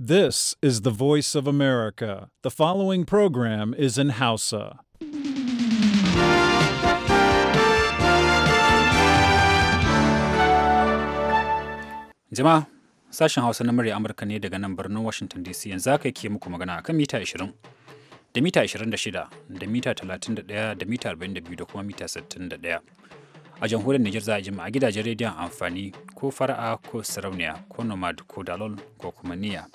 This is the voice of America. The following program is in Hausa. Jama'a, sashen Hausa na murya Amurka ne daga nan birnin Washington DC yanzu aka ke muku magana kan mita 20, da mita 26, da mita 31, da mita 42 da kuma mita 61. a jamhuriyar Nijar za a jima a gidajen rediyon amfani ko fara'a ko sarauniya ko nomad ko dalol ko kuma niya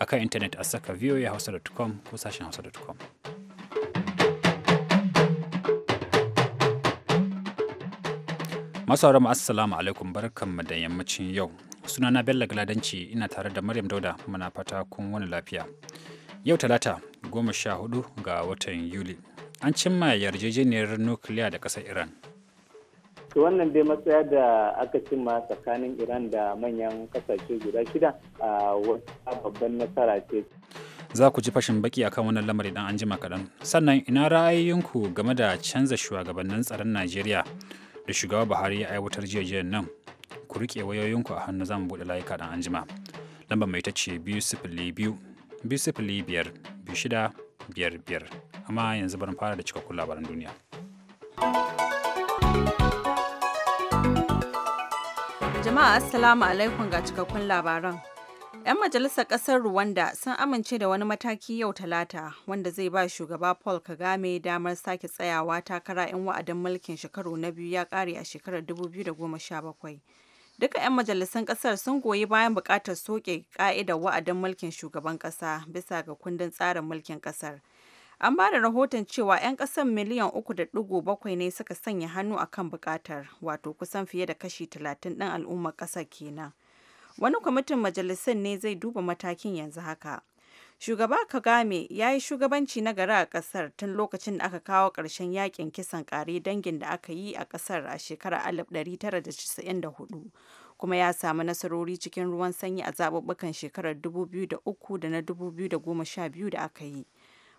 a kan intanet a saka voahausa.com ko sashen hausa.com. Masu haramu assalamu alaikum mu da yammacin yau. Sunana Bello Galadanci ina tare da Maryam Dauda muna fata kun wani lafiya. Yau talata goma sha hudu ga watan Yuli. An cimma yarjejeniyar nukiliya da ƙasar Iran to wannan dai matsaya da aka cimma tsakanin iran da manyan kasashe guda shida a wata babban nasara ce za ku ji fashin baki akan wannan lamari dan an jima kaɗan sannan ina ra'ayoyinku game da canza shugabannin tsaron najeriya da shugaba buhari ya aiwatar jiya nan ku riƙe wayoyinku a hannu za mu buɗe layuka dan an jima lambar mai ta ce biyu sifili biyu biyu sifili biyar biyu shida biyar biyar amma yanzu barin fara da cikakkun labaran duniya thank you Jama'a Assalamu alaikum ga cikakkun labaran. 'Yan majalisar ƙasar Rwanda sun amince da wani mataki yau talata wanda zai ba shugaba Paul Kagame damar sake tsayawa takara 'yan wa'adin mulkin shekaru na biyu ya ƙare a shekarar 2017. Duka 'yan majalisar ƙasar sun goyi bayan bukatar soke ƙa'idar wa'adin mulkin shugaban ƙasa bisa ga kundin tsarin mulkin ƙasar. An ba da rahoton cewa 'yan ƙasan miliyan 3.7 ne suka sanya hannu a kan bukatar, wato kusan fiye da kashi 30 ɗin al'ummar ƙasar kenan. Wani kwamitin majalisar ne zai duba matakin yanzu haka. Shugaba Kagame ya yi shugabanci na gari a ƙasar tun lokacin da aka kawo ƙarshen yakin kisan ƙare dangin da aka yi a ƙasar a shekarar 1994 kuma ya samu nasarori cikin ruwan sanyi a zaɓuɓɓukan shekarar 2003 da na 2012 da aka yi.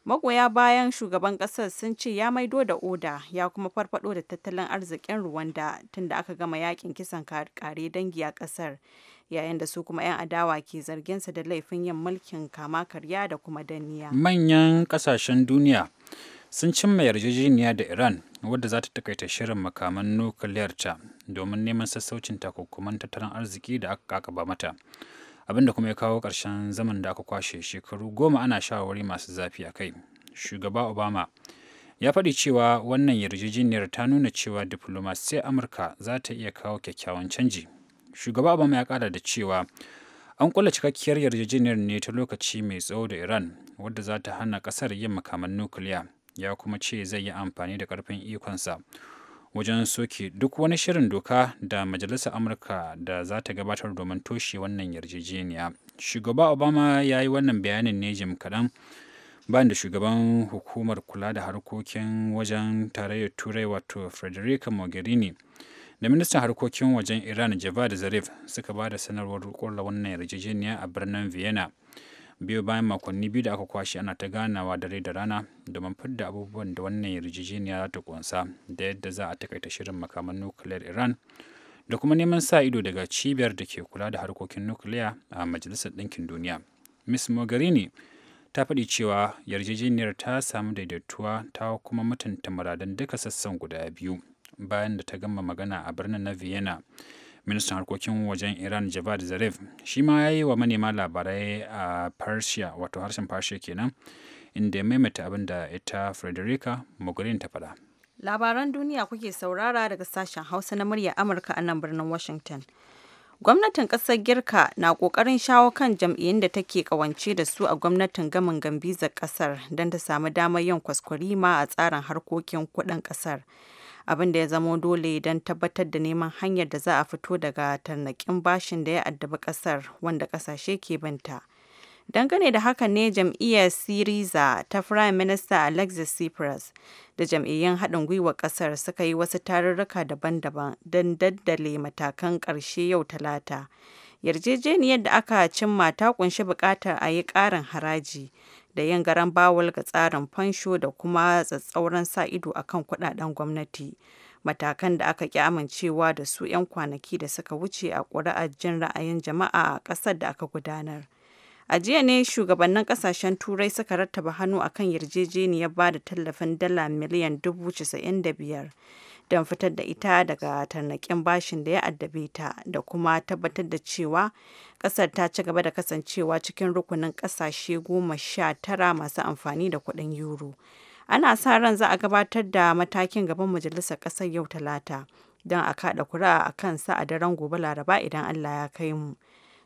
Magoya bayan shugaban ƙasar sun ce ya maido da oda ya kuma farfado da tattalin arzikin Rwanda tunda aka gama yakin kisan kare dangi a ƙasar yayin da su kuma 'yan adawa ke zarginsa da laifin yin mulkin kama karya da kuma danniya. Manyan kasashen duniya sun cimma yarjejeniya da Iran wadda za ta takaita shirin makaman nukiliyarta domin neman sassaucin takunkuman tattalin arziki da aka kaba mata. abinda kuma ya kawo ƙarshen zaman da aka kwashe shekaru goma ana shawarwari masu zafi a kai shugaba obama ya faɗi cewa wannan yarjejeniyar ta nuna cewa diflomasiyar amurka za ta iya kawo kyakkyawan canji shugaba obama ya ƙara da cewa an kula cikakkiyar yarjejeniyar ne ta lokaci mai tsawo da iran wadda za ta hana ƙasar yin makaman nukiliya ya kuma ce zai yi amfani da ƙarfin ikonsa wajen soke duk wani shirin doka da majalisar amurka da za ta gabatar domin toshe wannan yarjejeniya shugaba obama ya yi wannan bayanin ne jim kaɗan bayan da shugaban hukumar kula da harkokin wajen tarayyar turai wato frederica mogherini da ministan harkokin wajen iran javad zarif suka ba da sanarwar kulla wannan yarjejeniya a birnin vienna biyu bayan makonni biyu da aka kwashe ana ta ganawa dare da rana domin fidda abubuwan da wannan yarjejeniya za ta kunsa da yadda za a takaita shirin makaman nukiliyar iran da kuma neman sa ido daga cibiyar da ke kula da harkokin nukiliya a majalisar ɗinkin duniya miss mogherini ta faɗi cewa yarjejeniyar ta samu daidaituwa ta kuma mutunta muradan duka sassan guda biyu bayan da ta gama magana a birnin na vienna ministan harkokin wajen iran javad zarif shi ma ya yi wa manema labarai a persia wato harshen fashe kenan inda ya maimaita abin da ita frederica mogherini ta fada labaran duniya kuke saurara daga sashen hausa na murya amurka a nan birnin washington gwamnatin kasar girka na kokarin shawo kan jam'iyyun da take kawance da su a gwamnatin gamin gambizar kasar don ta samu damar yin kwaskwari ma a tsarin harkokin kudin kasar. abin da ya zamo dole don tabbatar da neman hanyar da za a fito daga tarnaƙin bashin da ya addabi ƙasar wanda ƙasashe ke binta. Dangane da hakan ne jam'iyyar Syriza ta Firayim Minista Alexis Tsipras da jam'iyyun haɗin gwiwar ƙasar suka yi wasu tarurruka daban-daban don daddale matakan ƙarshe yau Talata. Yarjejeniyar da aka cimma ta ƙunshi buƙatar a yi ƙarin haraji da yin garan bawul ga tsarin fansho da kuma tsatsauran sa ido a kan kudaden gwamnati matakan da aka ki amincewa da su 'yan kwanaki da suka wuce a ƙuri'ar jin ra'ayin jama'a a ƙasar da aka gudanar a jiya ne shugabannin kasashen turai suka rattaba hannu akan yarjejeniyar ba da tallafin dala miliyan dubu casa'in da biyar don fitar da ita daga tarnakin bashin da ya addabe ta da kuma tabbatar da cewa ƙasar ta ci gaba da kasancewa cikin rukunin ƙasashe goma sha tara masu amfani da kuɗin euro. Ana sa ran za a gabatar da matakin gaban majalisar ƙasar yau talata don a kaɗa kura a kansa a daren gobe laraba idan Allah ya kai mu.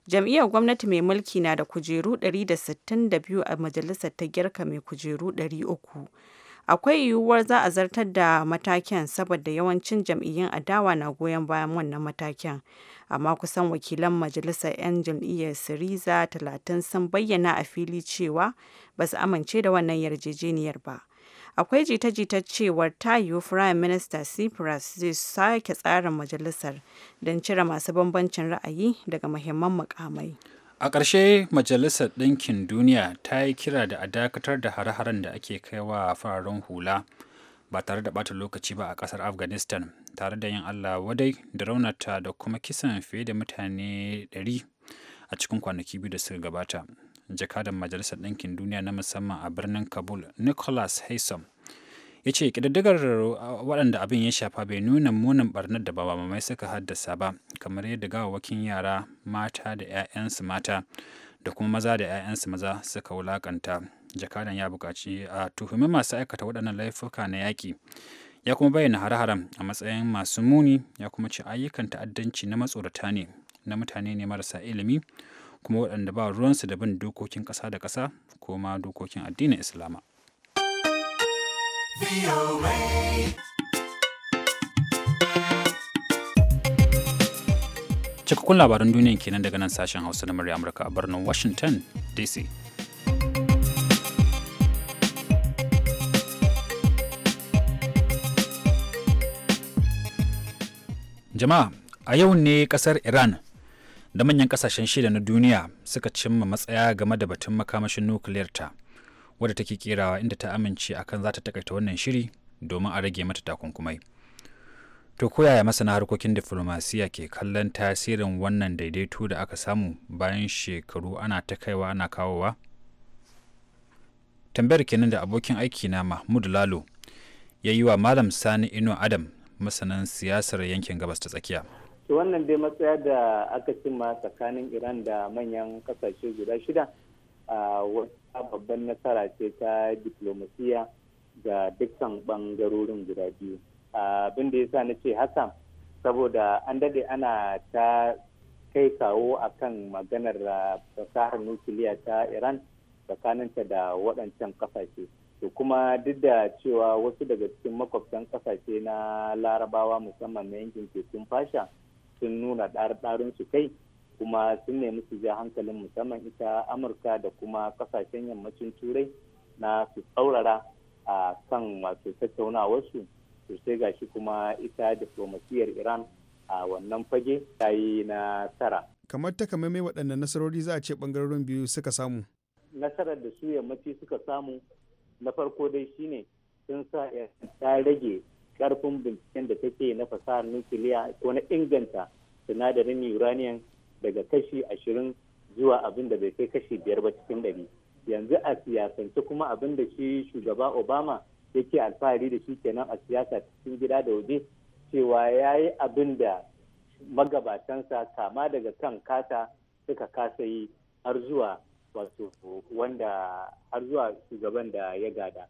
jam'iyyar gwamnati mai mulki na da kujeru 162 a majalisar ta girka mai kujeru 300 akwai yiwuwar za a zartar da matakin saboda yawancin jam'iyyun adawa na goyon bayan wannan matakin amma kusan wakilan majalisar 'yan jam'iyyar siriza Talatin sun bayyana a fili cewa ba su amince da wannan yarjejeniyar ba akwai jita-jita cewar ta yiwu firayim minista cyprus zai sake tsarin majalisar don cire masu bambancin ra'ayi daga muhimman mukamai a ƙarshe majalisar ɗinkin duniya ta yi kira da a dakatar da hare-haren da ake kai kaiwa fararen hula ba tare da ɓata lokaci ba a ƙasar afghanistan tare da yin allah wadai da raunata da kuma kisan fiye da mutane 100 a cikin kwanaki biyu da suka gabata jakadan majalisar ɗinkin duniya na musamman a birnin kabul nicholas haysom ya ce ƙididdigar waɗanda abin ya shafa bai nuna munin barnar da baba mai suka haddasa ba kamar yadda gawawakin yara mata da 'ya'yansu mata da kuma maza da 'ya'yansu maza suka wulakanta jakadan ya buƙaci a tuhumi masu aikata waɗannan laifuka na yaƙi ya kuma bayyana hare-haren a matsayin masu muni ya kuma ce ayyukan ta'addanci na matsorata ne na mutane ne marasa ilimi kuma waɗanda ba ruwansu da bin dokokin ƙasa da ƙasa ko ma dokokin addinin islama Cikakkun labaran ke kenan daga nan sashen Hausa na murya Amurka a birnin Washington DC. Jama'a, a yau ne kasar Iran da manyan kasashen shida na duniya suka cimma matsaya game da batun makamashin nukiliyar ta. wadda take kerawa inda ta amince akan za ta takaita wannan shiri domin a rage mata takunkumai to koyaya masana harkokin diflomasiya ke kallon tasirin wannan daidaito da aka samu bayan shekaru ana ta kaiwa ana kawowa tambayar kenan da abokin aiki na mahmud lalo ya yi wa malam sani ino adam masanan siyasar yankin gabas ta tsakiya wannan dai matsaya da aka cimma tsakanin iran da manyan kasashe guda shida a ah, babban nasara ce ta diplomasiya ga dukkan bangarorin guda biyu abin da ya sa na ce haka saboda an dade ana ta kai kawo a kan maganar ah, fasahar nukiliya ta iran tsakaninta da waɗancan kasashe to kuma duk da cewa wasu daga cikin makwabtan kasashe na larabawa musamman na yankin tekun fasha sun nuna ɗarin su kai kuma sun nemi su ja hankalin musamman ita amurka da kuma kasashen yammacin turai na su tsaurara a kan wato tattaunawarsu sosai gashi kuma ita diplomasiyar iran a wannan fage ta yi nasara kamar mai waɗannan nasarori za a ce ɓangarorin biyu suka samu nasarar da su yammaci suka samu na farko dai shine sun sa ya rage karfin binciken da take na fasahar nukiliya ko na inganta sinadarin uranium daga kashi ashirin zuwa abin da bai kai kashi biyar ba cikin ɗari yanzu a siyasance kuma abin da shi shugaba obama yake alfahari da shi kenan a siyasa cikin gida da waje cewa ya yi abin da magabatansa kama daga kan kasa suka kasa yi har zuwa wanda har zuwa shugaban da ya gada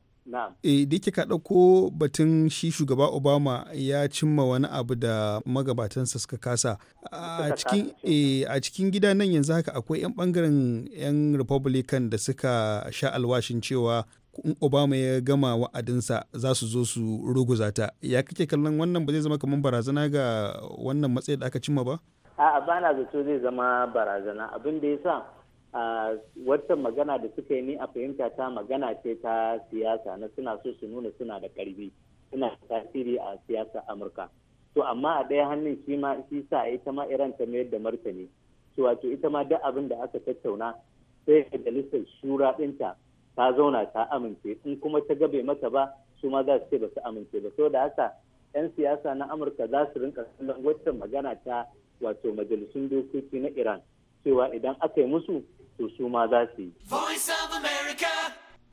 E, da kika ɗauko batun shi shugaba Obama ya cimma wani abu da magabatansa suka kasa. A eh, cikin gida nan yanzu haka akwai 'yan bangaren 'yan Republican da suka sha alwashin cewa in Obama ya gama wa'adinsa za su zo su ruguza ta. Ya kake kallon wannan ba zai zama kamar barazana ga wannan matsayi da aka cimma ba? A'a bana zato zai zama barazana abin da ya sa a wata magana da suka yi ni a fahimta ta magana ce ta siyasa na suna so su nuna suna da karfi suna tasiri a siyasa amurka to amma a ɗaya hannun shi ma shi sa ita ma iran ta mayar da martani to wato ita ma duk abin da aka tattauna sai majalisar shura ɗinta ta zauna ta amince in kuma ta gabe mata ba su ma za su ce ba su amince ba saboda haka 'yan siyasa na amurka za su rinka kallon magana ta wato majalisun dokoki na iran cewa idan aka yi musu to su ma za su yi.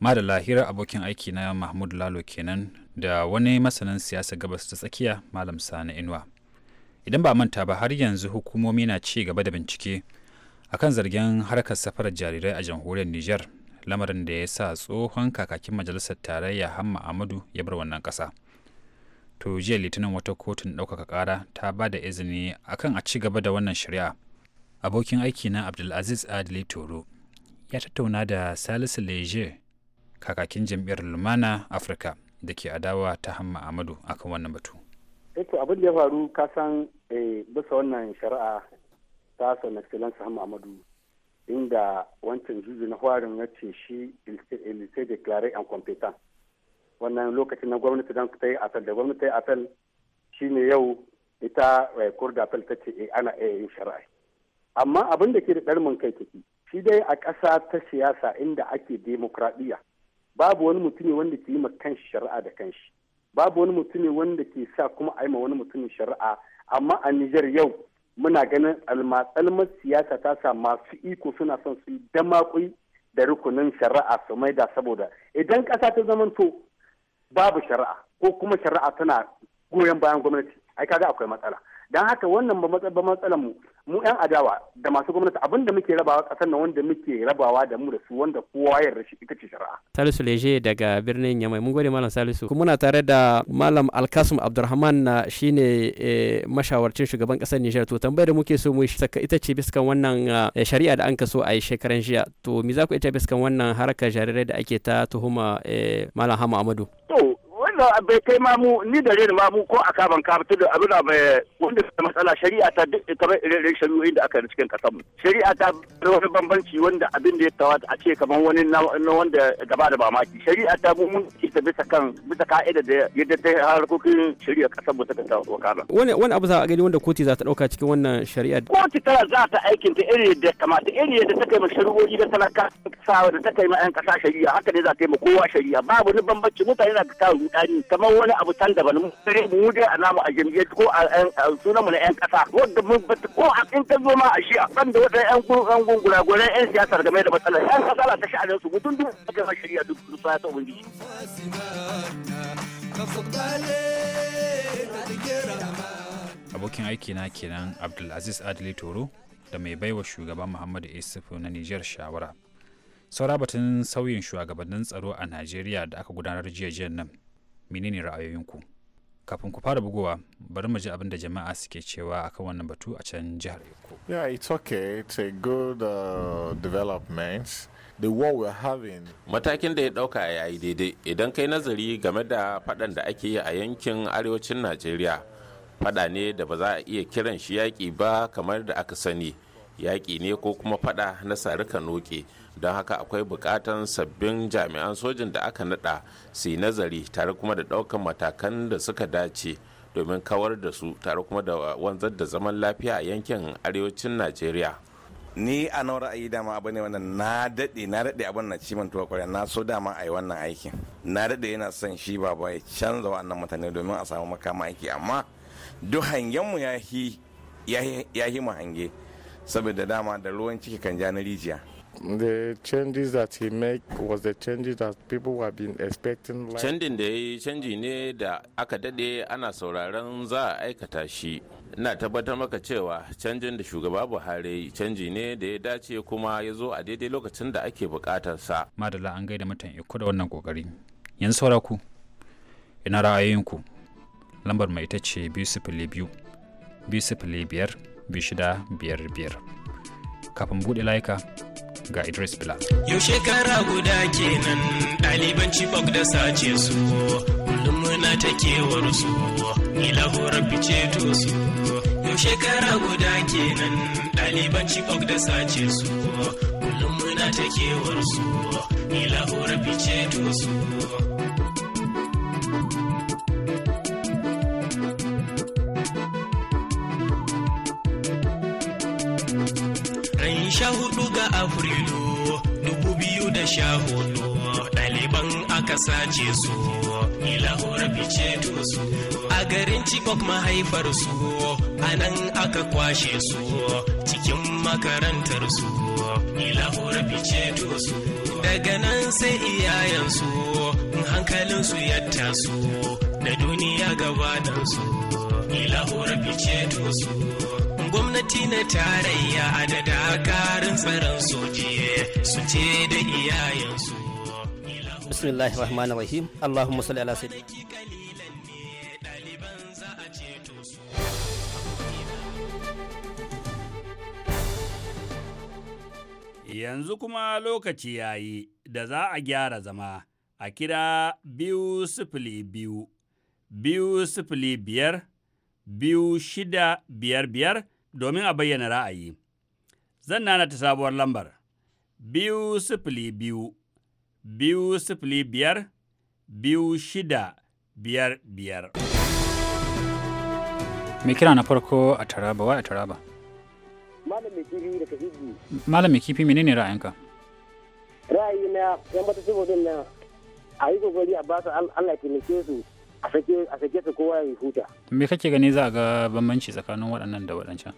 Madalla hira abokin aiki na Mahmud Lalo kenan da wani masanin siyasa gabas ta tsakiya Malam Sani Inuwa. Idan ba manta ba har yanzu hukumomi na ci gaba da bincike akan zargin harkar safarar jarirai a jamhuriyar Nijar lamarin da ya sa tsohon kakakin majalisar tarayya Hamma Amadu ya bar wannan ƙasa. To jiya litinin wata kotun ɗaukaka ƙara ta ba da izini akan a ci gaba da wannan shari'a abokin aiki na abdulaziz adili toro ya tattauna da salisu leje kakakin jam'iyyar lumana afirka da ke adawa ta hamma amadu akan wannan batu eto eh abin da ya faru kasan eh, bisa wannan shari'a ta son excellence hamma amadu inda wancan juju na farin ya ce shi ilse declare an competent wannan lokacin na gwamnati don ta yi apel da gwamnati ta yi apel shine yau ita kurda eh, apel ta ce ana iya yin shari'a amma abin da ke da ɗarmin kai take shi dai a ƙasa ta siyasa inda ake demokradiyya babu wani mutum wanda ke yi ma kanshi shari'a da kanshi babu wani mutum wanda ke sa kuma a yi ma wani mutumin shari'a amma a Nijar yau muna ganin almatsalmar siyasa ta sa masu iko suna son su yi damakui da rukunin shari'a su da saboda idan ƙasa ta zama to babu shari'a ko kuma shari'a tana goyon bayan gwamnati ai kaga akwai matsala don haka wannan ba matsalar mu mu yan adawa da masu gwamnati abin da muke rabawa kasar na wanda muke rabawa da mu da su wanda kowa ya rashi ita ce shari'a Salisu Leje daga birnin Yamai mun gode malam Salisu kuma muna tare da malam Alkasum Abdulrahman na shine eh, mashawarcin shugaban kasar Nijar to tambayar da muke so mu saka ita ce biskan wannan eh, shari'a da an kaso a yi shekaran jiya to me za ku ita biskan wannan harkar jarirai da ake ta tuhuma eh, malam Hama Amadu to da bai kai ma mu ni da rena ma mu ko a kaban ka fitar da abin da bai wanda ke matsala shari'a ta duk kamar irin shari'o'in da aka yi cikin kasanmu shari'a ta da wani bambanci wanda abin da ya tawa a ce kamar wani na wanda gaba da mamaki shari'a ta mu mun ke ta bisa kan bisa ka'ida da yadda ta harkokin shari'a kasar mu ta kanta wakala wani wani abu za a gani wanda koti za ta dauka cikin wannan shari'a koti tana za ta aikin ta irin yadda ya kamata irin yadda ta kai ma shari'o'i da talaka kasa da ta kai ma 'yan kasa shari'a haka ne za ta yi ma kowa shari'a babu ni bambanci mutane na kawo rudani tsari kamar wani abu tan daban mu dai a namu a jam'iyyar ko a sunan mu na 'yan kasa wanda mun ko a in ka zo ma a shi a da wata 'yan gungura gure 'yan siyasar game da matsalar 'yan kasala ta sha'anin su mutum duk da gama shari'a duk su sa ta ubangiji. abokin aiki na kenan abdulaziz adli toro da mai baiwa shugaban muhammadu isufu na nijar shawara saura batun sauyin shugabannin tsaro a najeriya da aka gudanar jiya jiya nan menene ra'ayoyinku kafin ku fara bugowa bari mu ji abin da jama'a suke cewa akan wannan batu a can jihar Eko. Yeah, it's okay. It's a good uh, development. The war we're having. Matakin da ya dauka ya yi daidai idan kai nazari game da fadan da ake yi a yankin arewacin Najeriya. Fada ne da ba za a iya kiran shi yaƙi ba kamar da aka sani. yaƙi ne ko kuma fada na sarika noke don haka akwai buƙatan sabbin jami'an sojin da aka nada su yi nazari tare kuma da ɗaukan matakan da suka dace domin kawar da su tare kuma da wanzar da zaman lafiya a yankin arewacin najeriya ni a nan ra'ayi dama abu ne wannan na daɗe na daɗe abin na ciman tuwa kwarya na so dama a yi wannan aikin na daɗe yana son shi ba ba ya canza wa'annan mutane domin a samu makama aiki amma duk hangenmu ya yi ya hange saboda dama da ruwan ciki kan ja na rijiya the changes that he make was the changes that people were been expecting canjin da ya yi canji ne da aka dade ana sauraron za a aikata shi ina tabbatar maka cewa canjin da shugaba buhari canji ne da ya dace kuma ya zo a daidai lokacin da ake bukatarsa madalla an gaida mutan iko da wannan kokari yanzu sauraku ina ra'ayoyinku lambar mai ita ce biyu sifili biyu biyu sifili biyar biyar kafin bude laika ga Idris Bilal. Yau shekara guda kenan ɗaliban bok da sace su kullum muna ta kewar su ni lahorar fice to su. Yau shekara guda kenan ɗaliban bok da sace su kullum muna ta kewar su ni lahorar fice to su. sha hudu ga afrilu dubu biyu da sha hudu ɗaliban aka sace su ilahura fice su a garin chibok mahaifar su a nan aka kwashe su cikin makarantar su ilahura fice su daga nan sai iyayensu su ya su Da duniya gabaninsu ilahura fice su gwamnati na tarayya da dakarun tsaron soji su ce da iyayensu bismillahir rahmanir rahim allahumma salli ala sayyidina Yanzu kuma lokaci ya yi da za a gyara zama a kira biyu sifili biyu, biyu sifili biyar, biyu shida biyar biyar domin a bayyana ra'ayi. Zan nana ta sabuwar lambar biyu sifili biyu, biyu sifili biyar, biyu shida biyar biyar. Me kira na farko a Taraba, wa a Taraba? Malam kifi da Kafiji. Malam kifi menene ra'ayinka? Ra'ayi na yan bata saboda na a yi kokari a basu su Allah taimake su a sake su kowa ya huta me kake gani za a ga bambanci tsakanin waɗannan da waɗancan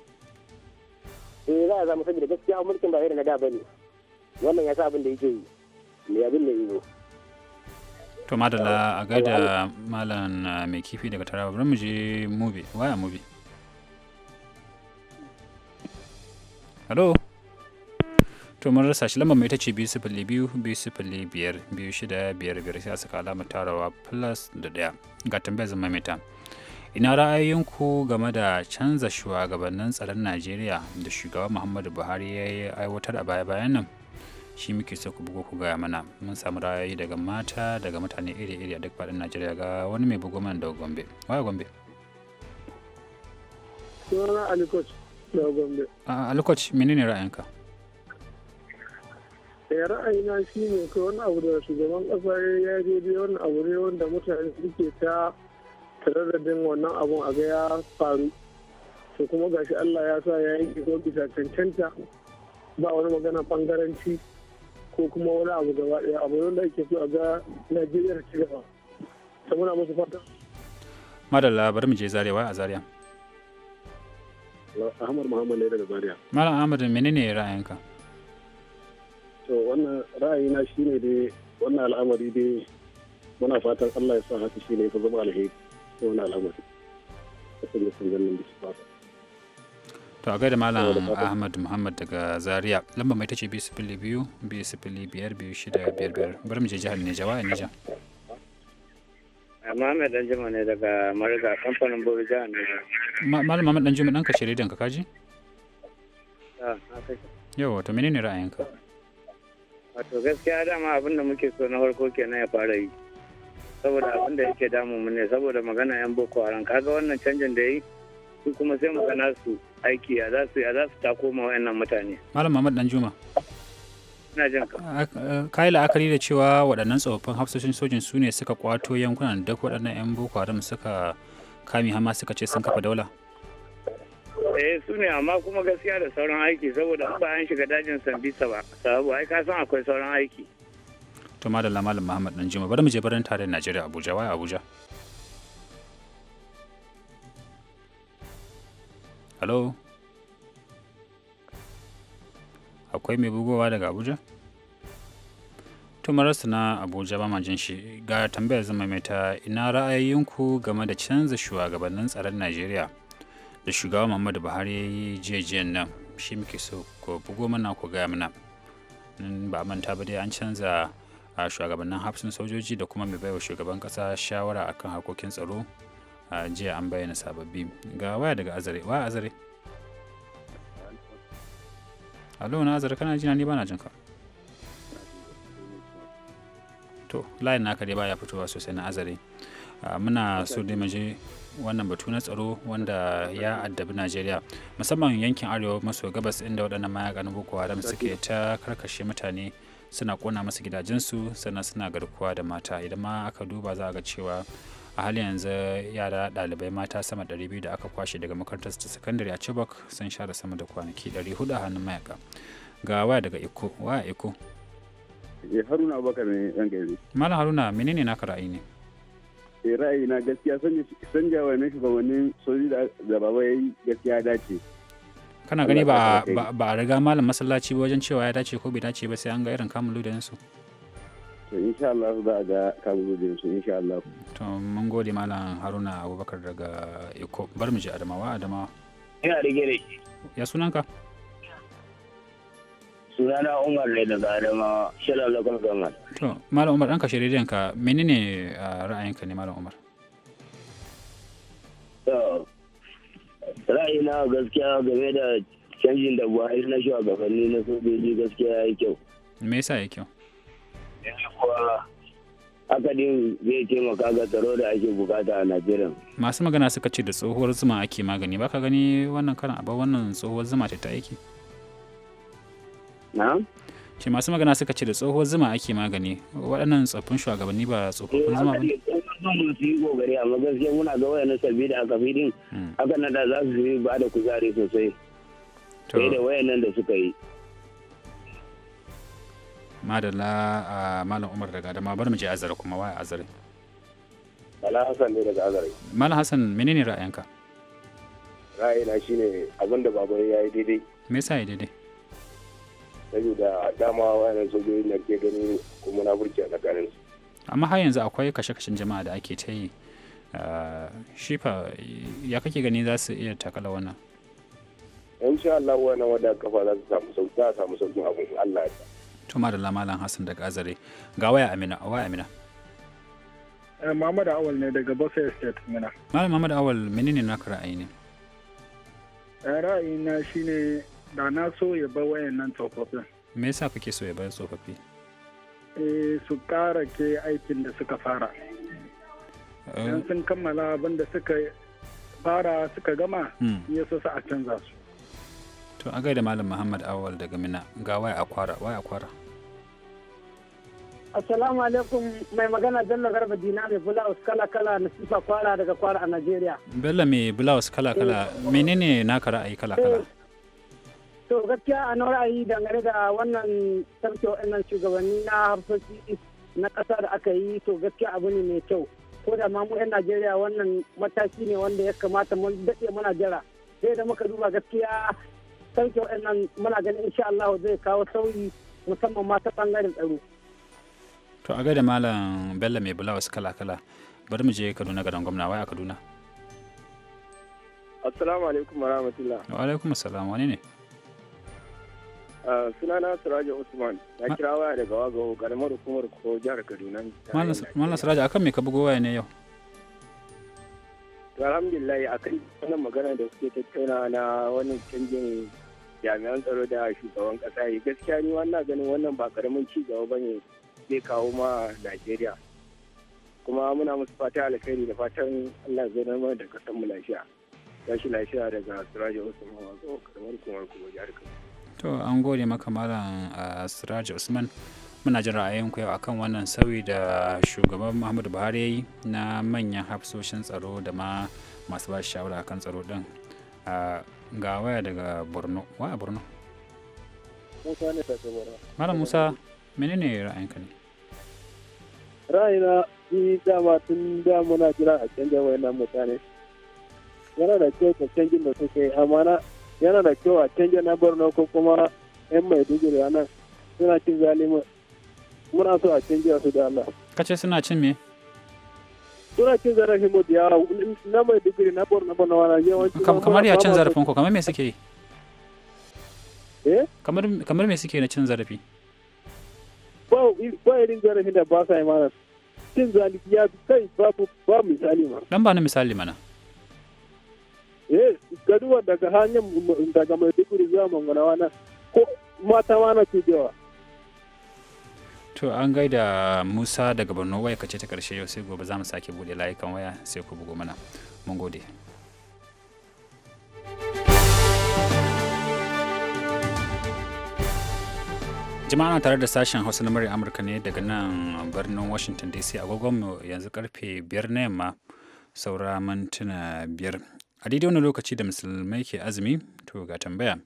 eh za a zama saboda gaskiya mulkin ba irin na da bane wannan ya sa abin da yake yi me abin da yake to madalla a da malam eh, mai kifi daga taraba bari mu je mube waya mube hello to mun rasa shi lambar mai ta ce biyu sifili biyu biyu sifili biyar biyu shida biyar biyar sai a saka alamar tarawa plus da ɗaya ga tambayar zama mai ta ina ra'ayinku game da canza shugabannin tsaron najeriya da shugaba muhammadu buhari ya yi aiwatar a baya-bayan nan shi muke so ku bugo ku gaya mana mun samu ra'ayi daga mata daga mutane iri-iri a duk faɗin najeriya ga wani mai bugo mana da gombe waya gombe sunana Alikoci daga gombe ah, alikoc menene ra'ayinka da eh, ra'ayina shi ne kai wani abu da shugaban kasa ya je dai wani abu ne wanda mutane suke ta tararradin wannan abun a ga ya faru to kuma gashi Allah ya sa ya yanke ko bisa cancanta ba wani magana bangaranci ko kuma wani abu gaba daya abu wanda ake so a ga Najeriya ci gaba ta muna musu fata madalla bari mu je zarewa a zaria Ahmad Muhammad ne daga Zaria. Malam Ahmad menene ra'ayinka? to wannan ra'ayina shine dai wannan al'amari dai muna fatan Allah ya sa haka shine ya zama alheri da wannan al'amari kasance sun ganin da shi to a gaida malam ahmad muhammad daga zaria lamba mai tace biyu sifili biyu biyu sifili biyar biyu shida biyar biyar bari mu je jihar neja waya neja Muhammad Danjuma ne daga Marga kamfanin Bobi jihar Malam Muhammad Danjuma ɗan ah, kashe rediyon ka kaji? Yawa, to menene ra'ayinka? wato gaskiya dama abin da muke so na farko kenan ya fara yi saboda abin da yake damu mu ne saboda magana yan boko haram kaga wannan canjin da yi su kuma sai mu gana su aiki ya za su ya za su tako ma wayannan mutane malam Muhammad juma ina jin ka kai la'akari da cewa waɗannan tsofaffin hafsoshin sojin su ne suka kwato yankunan da waɗannan yan boko haram suka kame hama suka ce sun kafa daula eh su ne amma kuma gaskiya da sauran aiki saboda ba an shiga dajin sambisa ba sabu ai ka san akwai sauran aiki to madalla malam muhammad dan jima bari mu je barin tare najeriya abuja wai abuja hello akwai mai bugowa daga abuja tumar na abuja ba jin shi ga tambayar zama mai ta ina ra'ayoyinku game da canza shugabannin tsaron najeriya da shugaba muhammadu buhari ya yi jejiyan nan shi muke so ko bugo mana ko gaya mana ba manta ba dai an canza a shugabannin hafsin sojoji da kuma mai baiwa shugaban kasa shawara akan harkokin tsaro a jiya an bayyana sababbi ga waya daga azare wa azare alo na azare kana jina ne bana jin ka to layin naka dai baya fitowa sosai na azare muna so dai mu je wannan batu na tsaro wanda ya addabi najeriya musamman yankin arewa maso gabas inda waɗannan mayakan boko haram suke ta karkashe mutane suna kona masu gidajensu sannan suna garkuwa da mata idan ma aka duba za a ga cewa a halin yanzu yara ɗalibai mata sama 200 da aka kwashe daga makarantar ta sakandare a chibok sun share sama da kwanaki 400 a hannun mayaka ga waya daga iko waya iko eh, haruna abubakar ne yan gari malam haruna menene naka ra'ayi ne sai eh, ra'ayina gaskiya sanja wa mai shugabannin sojoji da baba ya yi gaskiya dace kana gani ba a riga malam masallaci ba wajen cewa ya dace ko bai dace ba sai an ga irin kamun ludayen su to insha Allah za a ga kamun ludayen su insha Allah to mun gode malam Haruna Abubakar daga Eko bar mu je Adamawa Adamawa ina da gere ya sunanka sunana umar ne daga adama shirar local government to malam umar ɗan kashe rediyon ka menene ah, ra'ayinka ne malam umar ra'ayina gaskiya game da canjin da buhari na shugabanni na sojoji gaskiya ya yi kyau me yasa ya kyau yanzu kuwa akadin zai taimaka ga tsaro da ake bukata a najeriya masu magana suka ce da tsohuwar zuma ake magani baka gani wannan karan abin wannan tsohuwar zuma ce ta aiki ce masu magana suka ce da tsohuwar zuma ake magani waɗannan tsoffin shugabanni ba tsofaffin eh, zuma ba tsofaffin su yi kokari amma gaskiya muna ga wayannan sabbi da aka fi din hmm. haka na da za su yi ba da kuzari sosai sai da wayannan da suka yi madalla a malam umar daga adama bari mu je azare kuma waya azare malam hassan ne daga azare malam hassan menene ra'ayinka ra'ayina shine abin da baban ya yi daidai me yasa ya daidai saboda dama wani sojoji da ke gani kuma na burki a tsakanin su amma har yanzu akwai kashe-kashen jama'a da ake ta yi ah, shifa ya kake gani za su iya takala wannan insha Allah wani wadda kafa za su samu sauki za samu sauƙin abin Allah ya tuma da lamalan Hassan da gazare ga waya Amina waya Amina eh, Muhammad Awal ne daga Bauchi State Mina Malam Muhammad Awal menene naka ra'ayi ne eh, ra'ayi na shine da na so ya bar nan tsofaffin me yasa kake so ya bar tsofaffi eh su ƙara ke aikin da suka fara eh. idan sun kammala banda suka fara suka gama hmm. ya so su a canza su to a gaida malam muhammad awal daga mina ga waya akwara waya akwara assalamu alaikum mai magana bello garba dina mai blouse kala kala na sifa kwara daga kwara a nigeria bello mai blouse kala kala eh. menene naka ra'ayi kala kala eh, to gaskiya a nan ra'ayi dangane da wannan sarki wa'annan shugabanni na hafsoshi na ƙasa da aka yi to gaskiya abu ne mai kyau ko da ma mu 'yan najeriya wannan mataki ne wanda ya kamata mun daɗe muna jira sai da muka duba gaskiya sarki wa'annan muna ganin insha Allah zai kawo sauyi musamman ma ta ɓangaren tsaro. to a gaida malam bello mai bula wasu kala-kala bari mu je kaduna garin gwamna wai a kaduna assalamu alaikum wa rahmatullah wa alaikum assalam wani ne Eh, sunana Siraja Usman ya kira waya daga wagawo karamar hukumar ko jihar Kaduna. Mallam Siraja akan me ka bugo waya ne yau? Alhamdulillah akan wannan magana da suke tattauna na wannan canjin jami'an tsaro da shugaban kasa yi gaskiya ni wannan ganin wannan ba karamin ci gaba bane zai kawo ma Najeriya. Kuma muna musu fata alkhairi da fatan Allah zai zama da kasan mu lafiya. Tashi lafiya daga Siraja Usman wagawo karamar hukumar ko jihar Kaduna. to an gode maka malam ah, siraj usman muna jin ra'ayinku yau akan wannan sauyi da shugaban muhammadu buhari ya yi na manyan hafsoshin tsaro da ma masu ba shawara akan tsaro din ah, ga waya daga borno waya borno malam musa menene ra'ayinka ne ra'ayina yi dama tun da muna jira a canjin wayan mutane yana da kyau ka canjin da suke amana yana da kyau a canja na borno ko kuma yan mai digiri a nan suna cin zalima muna so a canja su da allah kace suna cin me suna cin zarafin mu da na mai digiri na borno ba na wani yawanci kamar ya cin zarafin ko kamar me suke yi eh? kamar me suke na cin zarafi ba irin zarafin da ba sa yi mana cin zalifi ya kai babu ba misali ma dan ba na misali mana eh gaduwa daga hanyar daga maiduguri zuwa manganawa ko mata to an gaida musa daga borno waya kace ta karshe yau sai gobe za mu sake bude layukan waya sai ku bugu mana mun gode jama'a tare da sashen hausa na murya amurka ne daga nan birnin washington dc agogon agogonmu yanzu karfe biyar na yamma saura mintuna biyar a daidai wani lokaci da musulmai ke azumi to ga tambaya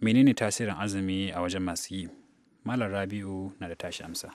menene tasirin azumi a wajen masu yi malam rabi'u na da tashi amsa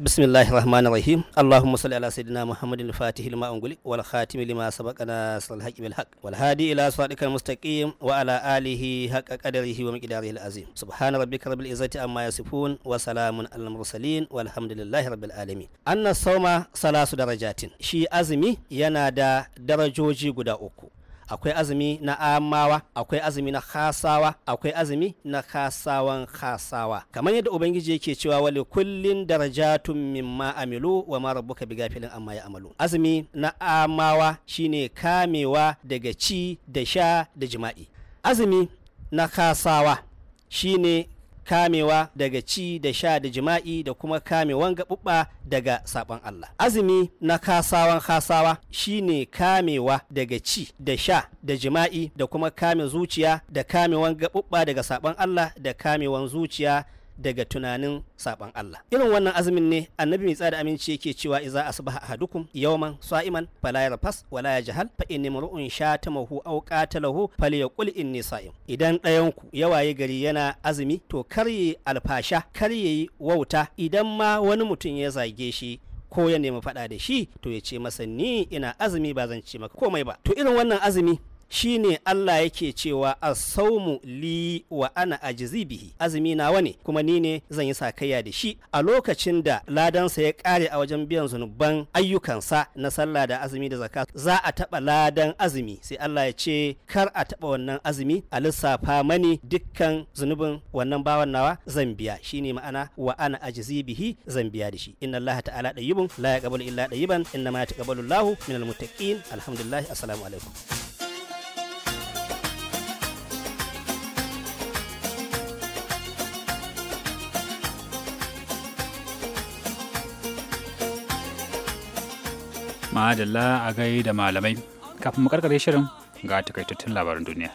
بسم الله الرحمن الرحيم اللهم صل على سيدنا محمد الفاتح لما أنقل والخاتم لما سبق ناصر الحق بالحق والهادي إلى صراطك المستقيم وعلى آله حق قدره ومقداره العظيم سبحان ربك رب العزة عما يصفون وسلام على المرسلين والحمد لله رب العالمين أن الصوم ثلاث درجات شي أزمي ينادى درجوجي قدا أوكو akwai azumi na amawa akwai azumi na khasawa akwai azumi na khasawan khasawa kamar yadda ubangiji yake cewa wali kullin darajatun mimma amilu wa ma rabbuka bi gafilin amma ya amalu azumi na amawa shine kamewa daga ci da sha da jima'i azumi na khasawa shine kamewa daga ci da sha da jima'i da kuma kamewan gaɓuɓɓa daga saɓon Allah. Azumi na kasawan kasawa shine kamewa daga ci da sha da jima'i da kuma kame zuciya da kamewan gaɓuɓɓa daga saɓon Allah da kamewan zuciya daga tunanin saban Allah irin wannan azumin ne annabi mai tsada aminci yake cewa iza asbaha ahadukum yawman sa'iman fala yarfas wala yajhal fa in imru'un shatamahu aw qatalahu falyaqul inni sa'im idan ɗayan ku ya waye gari yana azumi to kar alfasha kar yayi wauta idan ma wani mutum ya zage shi ko ya nemi faɗa da shi to ya ce masa ni ina azumi ba zan ce maka komai ba to irin wannan azumi shine Allah yake cewa asaumu li wa ana ajizi bihi azumi nawa ne kuma ni ne zan yi sakayya da shi a lokacin da ladansa ya kare a wajen biyan zunuban ayyukansa na sallah da azumi da zakat za a taɓa ladan azumi sai Allah ya ce kar a taba wannan azumi a lissafa mani dukkan zunubin wannan bawan nawa zan biya shine ma'ana wa ana ajizi bihi zan biya da shi inna Allah ta'ala dayyibun la yaqbalu illa dayyiban inna ma yataqabbalu Allahu minal muttaqin alhamdulillah assalamu alaikum ma'adala a gai da malamai kafin mu shirin ga takaitattun labarin duniya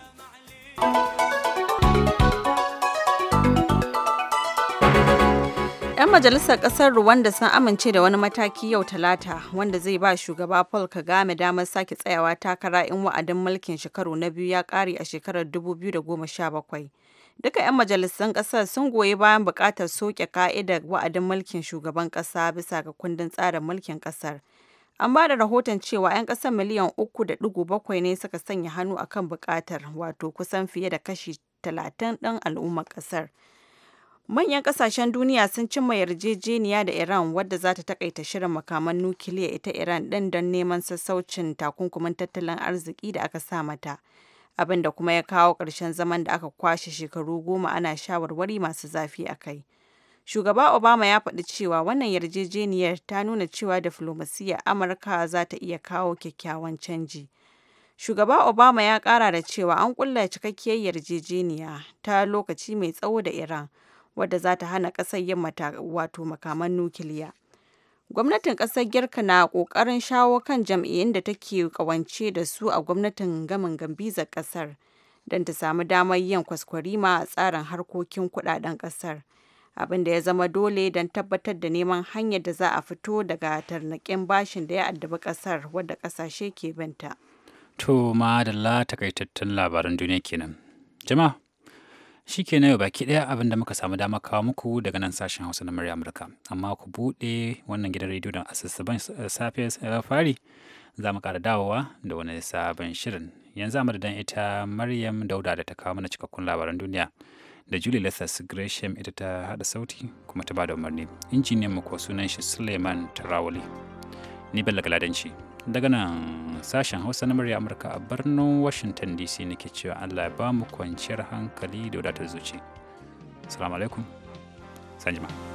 yan majalisar kasar rwanda sun amince da wani mataki yau talata wanda zai ba shugaba paul kagame damar sake tsayawa takara in wa'adin mulkin shekaru na biyu ya kare a shekarar 2017 duka 'yan majalisun kasar sun goyi bayan bukatar soke ka'idar wa'adin mulkin shugaban kasa bisa ga kundin tsarin mulkin kasar An ba da rahoton cewa 'yan ƙasar miliyan 3.7 ne suka sanya hannu a kan bukatar, wato kusan fiye da kashi 30 ɗin al'ummar ƙasar. Manyan ƙasashen duniya sun cimma yarjejeniya da Iran wadda za ta takaita shirin makaman nukiliya ita Iran ɗin don neman sassaucin takunkumin tattalin arziki da aka sa mata. Abin da kuma ya kawo ƙarshen zaman da aka kwashe shekaru goma ana shawarwari masu zafi a kai. Shugaba Obama ya faɗi cewa wannan yarjejeniyar ta nuna cewa diflomasiyyar Amurka za ta iya kawo kyakkyawan canji. Shugaba Obama ya ƙara da cewa an ƙulla cikakkiyar yarjejeniya ta lokaci mai tsawo da Iran, wadda za ta hana ƙasar yin wato makaman nukiliya. Gwamnatin ƙasar Girka na ƙoƙarin shawo kan jam'iyyun da take ƙawance da su a gwamnatin gamin gambizar ƙasar don ta samu damar yin kwaskwarima a tsarin harkokin kuɗaɗen ƙasar. abin da ya zama dole don tabbatar da neman hanyar da za a fito daga tarnakin bashin da ya addabi kasar wadda kasashe ke binta. To madalla takaitattun labaran duniya kenan. jama shi ke na yau baki ɗaya abin da muka samu dama kawo muku daga nan sashen Hausa na murya Amurka. Amma ku buɗe wannan gidan rediyo don asusuban eh, safiyar eh, fari za mu ƙara dawowa da wani sabon shirin. Yanzu a madadin ita Maryam Dauda da ta kawo mana cikakkun labaran duniya. da Julie Lathas Gresham ita ta hada sauti kuma ta bada umarni. Injiniyan mu kuwa sunan shi Suleiman Tarawali. Ni Bello Galadanci. Daga nan sashen Hausa na murya Amurka a birnin Washington DC nake cewa Allah ya ba mu kwanciyar hankali da wadatar zuci. Assalamu alaikum. Sanjima.